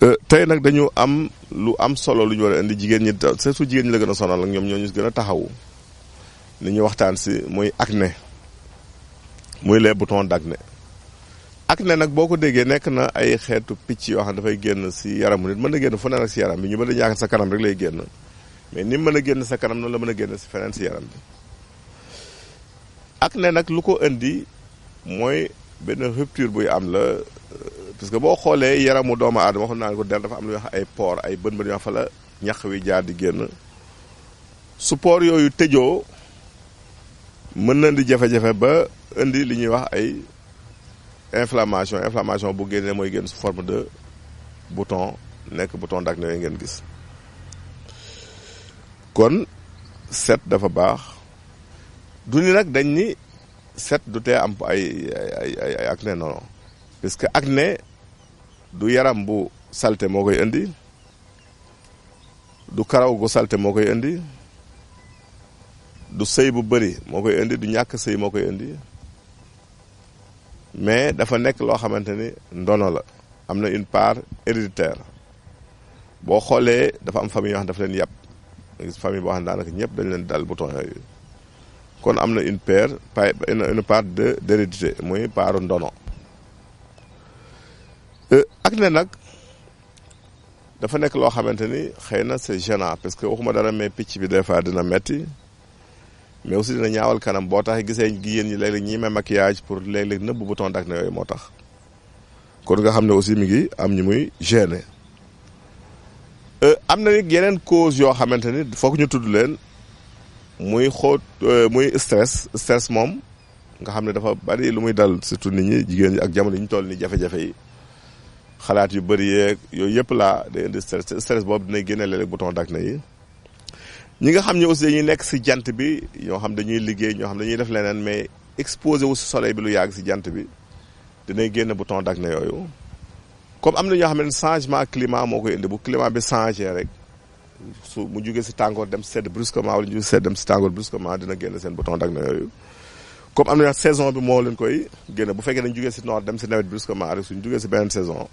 Euh, tey nag dañu am lu am solo lu ñu war a indi jigéen ñi su jigéen ñi la gën a sonal ak ñoom ñoo ñu gën a taxawu li ñuy waxtaan si muy acné muy les boutons d'acné acné nag boo ko déggee nekk na ay xeetu picc yoo xam ne dafay génn si yaramu nit mën a génn fu ne si yaram bi ñu mën a yaakaar sa kanam rek lay génn mais ni mën a génn sa kanam noonu la mën a génn si feneen si yaram bi acné nag lu ko indi mooy benn rupture buy am la parce que boo xoolee yaramu doomu aadama waxoon naa ko der dafa am lu ñuy wax ay pores ay bën bën yoo xam fa la ñax wi jaar di génn su pores yooyu tëjoo mën na di jafe-jafe ba indi li ñuy wax ay inflammation inflammation bu génnee mooy génn su forme de buton nekk bouton d'acné yooyu ngeen gis kon set dafa baax du ni nag dañ ni set du tee am ay ay ay acné non non parce que acné du yaram bu salte moo koy indi du karaw gu salte moo koy indi du sëy bu bëri moo koy indi du ñàkk sëy moo koy indi mais dafa nekk loo xamante ni ndono la am na une part héréditaire boo xoolee dafa am famille yoo xam dafa leen yàpp gis famille boo xam daanaka ñëpp dañ leen dal bouton yooyu kon am na une paire une part de d'hérédité muy paaru ndono Euh, ak ne nag dafa nekk loo xamante ni xëy na se gênant parce que waxuma dara mais picc bi des fois dina metti mais aussi dina ñaawal kanam boo tax gisee yéen ñi léeg-léeg ñi may maquillage pour léeg-léeg nëbb bouton d'acné yooyu moo tax kon nga xam ne aussi mi ngi am ñu muy gêné euh, am na yeneen cause yoo xamante ni foog ñu tudd leen muy xóot euh, muy stress stress moom nga xam ne dafa bari lu muy dal surtout nit ñi jigéen ñi ak jamono yi ñu toll ni jafe-jafe yi xalaat yu bëri yee yooyu yëpp laa day indi stress stress boobu dina génne léeg-léeg bouton d'acné yi ñi nga xam ne aussi dañuy nekk si jant bi ñoo xam dañuy liggéey ñoo xam dañuy def leneen mais exposé wu si soleil bi lu yàgg si jant bi dinay génn dag d'acné yooyu comme am na ñoo xam ne changement climat moo koy indi bu climat bi changé rek su mu jugee si tàngoor dem sedd brusquement wala ñu si tàngoor brusquement dina génn seen bouton d'acné yooyu saison bi moo leen koy génn bu fekkee dañ jugee si noor dem si nawet brusquement rek suñ jugee si beneen saison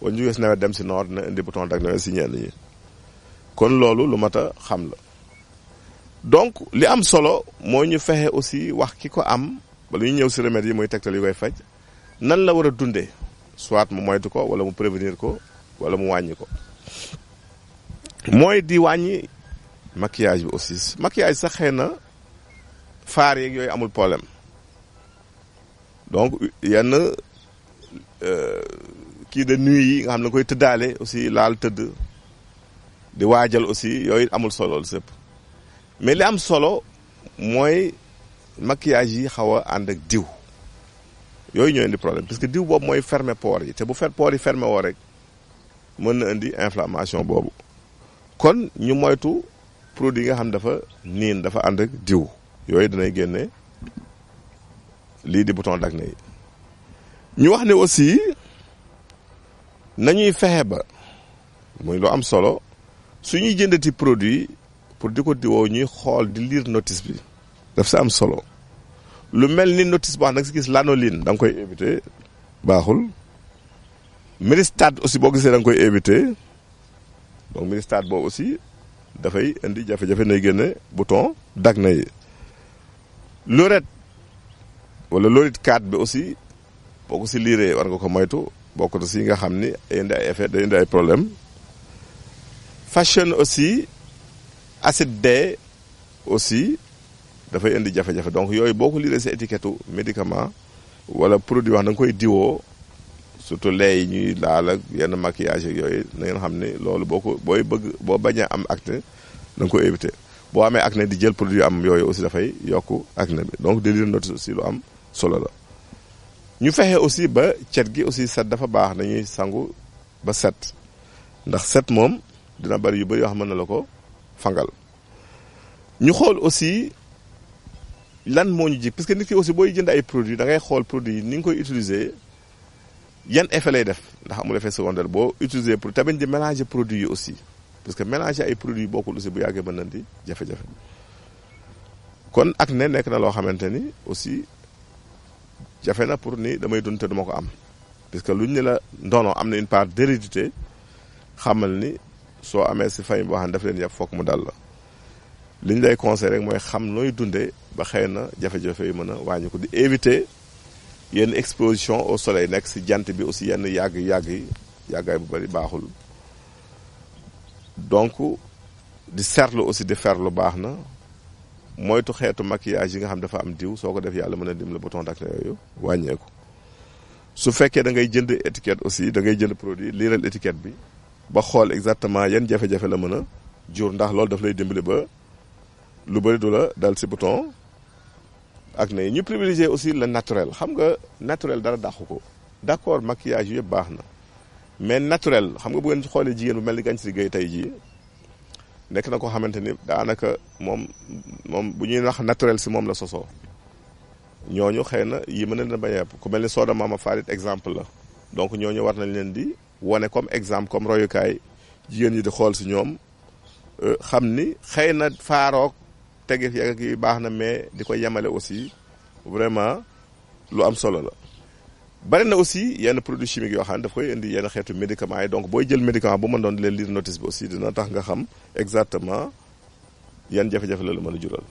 wala ñu jógee si nawet dem si noor dina indi bouton dag na si ñeen ñi kon loolu lu mat a xam la donc li am solo moo ñu fexe aussi wax ki ko am bala ñu ñëw si remèdes yi muy tegtal yu koy faj nan la war a dundee soit mu moytu ko wala mu prévenir ko wala mu wàññi ko mooy di wàññi maquillage bi aussi maquillage sax xëy na faar yeeg yooyu amul problème donc yenn euh, kii de nuit yi nga xam ne koy tëddaale aussi laal tëdd di waajal aussi yooyu amul solo sëpp mais li am solo mooy maquillage yi xaw a ànd ak diw yooyu ñoo indi problème parce que diw boobu mooy fermer pores yi te bu fer pores yi fermer woo rek mën na indi inflammation boobu kon ñu moytu produit yi nga xam dafa niin dafa ànd ak diw yooyu danay génne lii di bouton d'acné yi ñu wax ne aussi nañuy fexe ba muy lu am solo suñuy jëndati produit pour di ko diwoo ñuy xool di liir notice bi daf si am solo lu mel ni notice boo xam ne si gis lanoline da nga koy éviter baaxul mélistade aussi boo gisee da koy éviter donc mélistade boo aussi dafay indi jafe-jafe nay génne bouton dag na yi lorette wala lorite 4 bi aussi boo ko si liiree war nga ko moytu bokk na si yi nga xam ni day indi ay effet day indi ay problème fashion aussi acide D aussi dafay indi jafe-jafe donc yooyu boo ko liiree si étiquette médicament wala produit wax da nga koy diwoo surtout lait yi ñuy laal ak yenn maquillage yooyu na ngeen xam ni loolu boo ko booy bëgg boo bañee am acné da nga koy éviter boo amee acné di jël produit am yooyu aussi dafay yokk acné bi donc di lire notice aussi lu am solo la ñu fexe aussi ba cet gi aussi set dafa baax nañuy sangu ba set ndax set moom dina bari yu bari yoo mën na la ko fangal ñu xool aussi lan moo ñu jig parce que nit ki aussi booy jënd ay produits da ngay xool produit yi ni nga koy utiliser yan effet lay def ndax amul effet secondaire boo utiliser pour tamit di mélanger produit yi aussi parce que mélanger ay produits bokkul aussi bu yàggee mën na di jafe-jafe kon ak ne nekk na loo xamante ni aussi. jafe na pour ni damay Nous te parce que nous la ndono une part d'hérédité xamal ni soo amee si fay boo xam daf leen foog mu dal la lay conseil rek mooy xam ba yi a ko di éviter yenn exposition au soleil jant bi aussi yenn donc di seetlu aussi de faire le moytu xeetu maquillage yi nga xam dafa am diw soo ko def yàlla mën a dimbali bouton na yooyu wàññeeku su fekkee da ngay jënd étiquette aussi dangay ngay jënd produit liiral étiquette bi ba xool exactement yan jafe-jafe la mën a jur ndax loolu daf lay dimbali ba lu bëri du la dal si bouton acné yi ñu privilégier aussi le naturel xam nga naturel dara dàqu ko d'accord maquillage yëpp baax na mais naturel xam nga bu ngeen xoolee jigéen bu mel ni Gagny Gay tey jii nekk na ko xamante ni daanaka moom moom bu ñuy wax naturel si moom la sosoo ñu xëy na yi mën na bañ a ku mel ni maam Mama Farid exemple la donc ñooñu war nañ leen di wane comme exemple comme royukaay jigéen ñi di xool si ñoom euh, xam ni xëy na faaroog tegif yagak yi baax na mais di ko yemale aussi vraiment lu am solo la bari na aussi yenn produits chimiques yoo xam ne daf koy indi yenn xeetu médicaments yi donc booy jël médicament bu ma doon leen lire notice bi aussi dina tax nga xam exactement yan jafe-jafe la la mën a jural.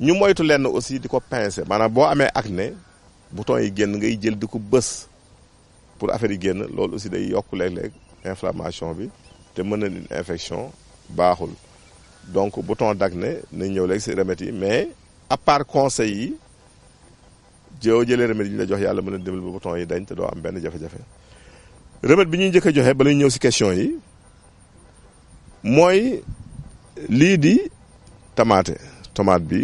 ñu moytu lenn aussi di ko pincer maanaam boo amee acné boutons yi génn ngay jël di ko bës pour affaire yi génn loolu aussi day yokk léeg-léeg inflammation bi te mën na infection baaxul donc bouton d'acné nañ ñëw léegi si remèdes yi mais à part conseils yi. joo jëlee remède yi ñu la jox yàlla mën a dimbali ba bouton yi dañ te doo am benn jafe-jafe remède bi ñuy njëkk a joxe bala ñu ñëw si question yi mooy lii di tamaate tomate bi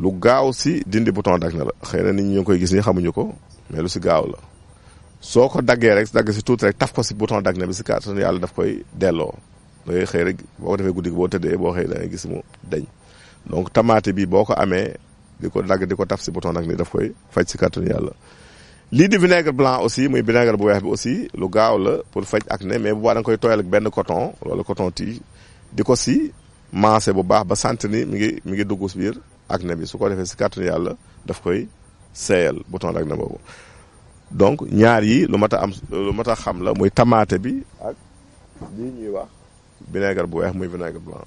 lu gaaw si dindi bouton dagg na la xëy na nit ñu ngi koy gis ni xamuñu ko mais lu si gaaw la soo ko daggee rek dagg si tuuti rek taf ko si bouton dagg na bi si kàttan yàlla daf koy delloo da xëy rek boo ko defee guddi boo tëddee boo xëy da gis mu dañ donc tamaate bi boo ko amee. diko dag diko taf ci bouton nak ni daf koy faj ci carton yalla li di vinaigre blanc aussi muy vinaigre bu weex bi aussi lu gaaw la pour ak acné mais bu baax da nga koy tooyal ak ben coton loolu coton tige diko si mancé bu baax ba sant ni mi ngi mi ngi dugg acné bi su ko defee ci carton yalla daf koy seeyal bouton acné boobu donc ñaar yi lu mata am lu mat xam la muy tamaate bi ak lii ñuy wax vinaigre bu weex muy vinaigre blanc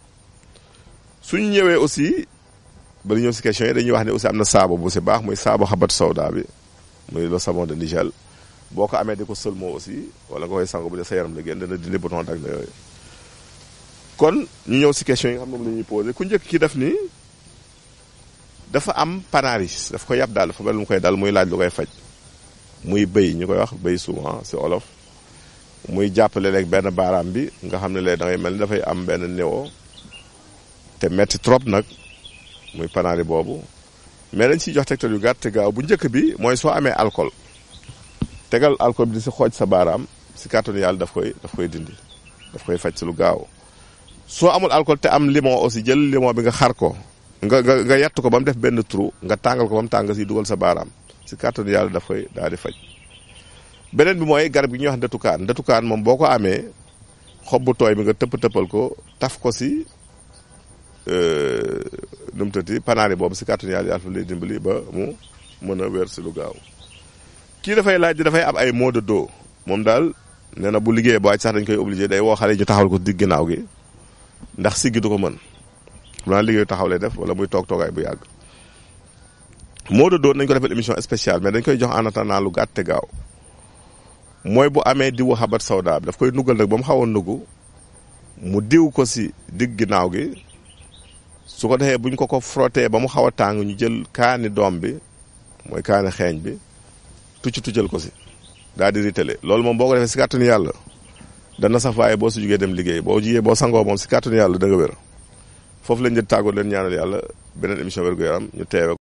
suñu ñëwee aussi bala ñëw si question yi dañuy wax ne aussi am na saabu bu si baax muy saabu xabat sawda bi muy le savon de Nigel boo ko amee di ko sëlmoo aussi wala nga koy sango bu dee sa yaram la génn dana dindi bouton dag na yooyu kon ñu ñëw si question yi nga xam ne moom la ñuy posé ku njëkk ki def nii dafa am panaris daf ko yàpp daal dafa bari lu mu koy dal muy laaj lu koy faj muy bëy ñu koy wax bëy souvent si olof muy jàppale rek benn baaraam bi nga xam ne léegi da mel ni dafay am benn néew te metti trop nag muy panari boobu mais dañ ciy jox tegtal yu gàtt gaaw bu njëkk bi mooy soo amee alcool tegal alcool bi di si xooj sa baaraam si carton yàlla daf koy daf koy dindi daf koy faj si lu gaaw soo amul alcool te am limon aussi jël limon bi nga xar ko nga nga nga yatt ko ba mu def benn trou nga tàngal ko ba mu tàng si dugal sa baaraam si carton yàlla daf koy daal di faj beneen bi mooy garab gi ñuy wax ndetukaan ndetukaan moom boo ko amee xob bu tooy bi nga tëpp tëppal ko taf ko si euh, nu mu tëddee boobu si kàttanu yàlla yàlla lay dimbali ba mu mën a weer si lu gaaw kii dafay laaj dafay am ay mot do moom daal nee na bu liggéeyee ba wàcc sax dañ koy obligé day woo xale yi ñu taxawal ko digg ginnaaw gi ndax siggi du ko mën xam naa liggéeyu taxaw lay def wala muy toog toogaay bu yàgg. mot de nañ ko defal émission spéciale mais dañ koy jox en attendant lu gàtte gaaw mooy bu amee diwu xabat sawda daf koy nuggal nag ba mu xaw a nugg mu diw ko si digg ginnaaw gi. su ko defee bu ñu ko ko frottee ba mu xaw a tàng ñu jël kaani doom bi mooy kaani xeeñ bi tucc tuccal ko si daal di ritale loolu moom boo ko defee si kàttanu yàlla dana sax waaye boo si jugee dem liggéey boo jugee boo sangoo moom si kàttanu yàlla da nga wér foofu lañ jël tàggoo leen ñaanal yàlla beneen émission wér gu yaram ñu teewe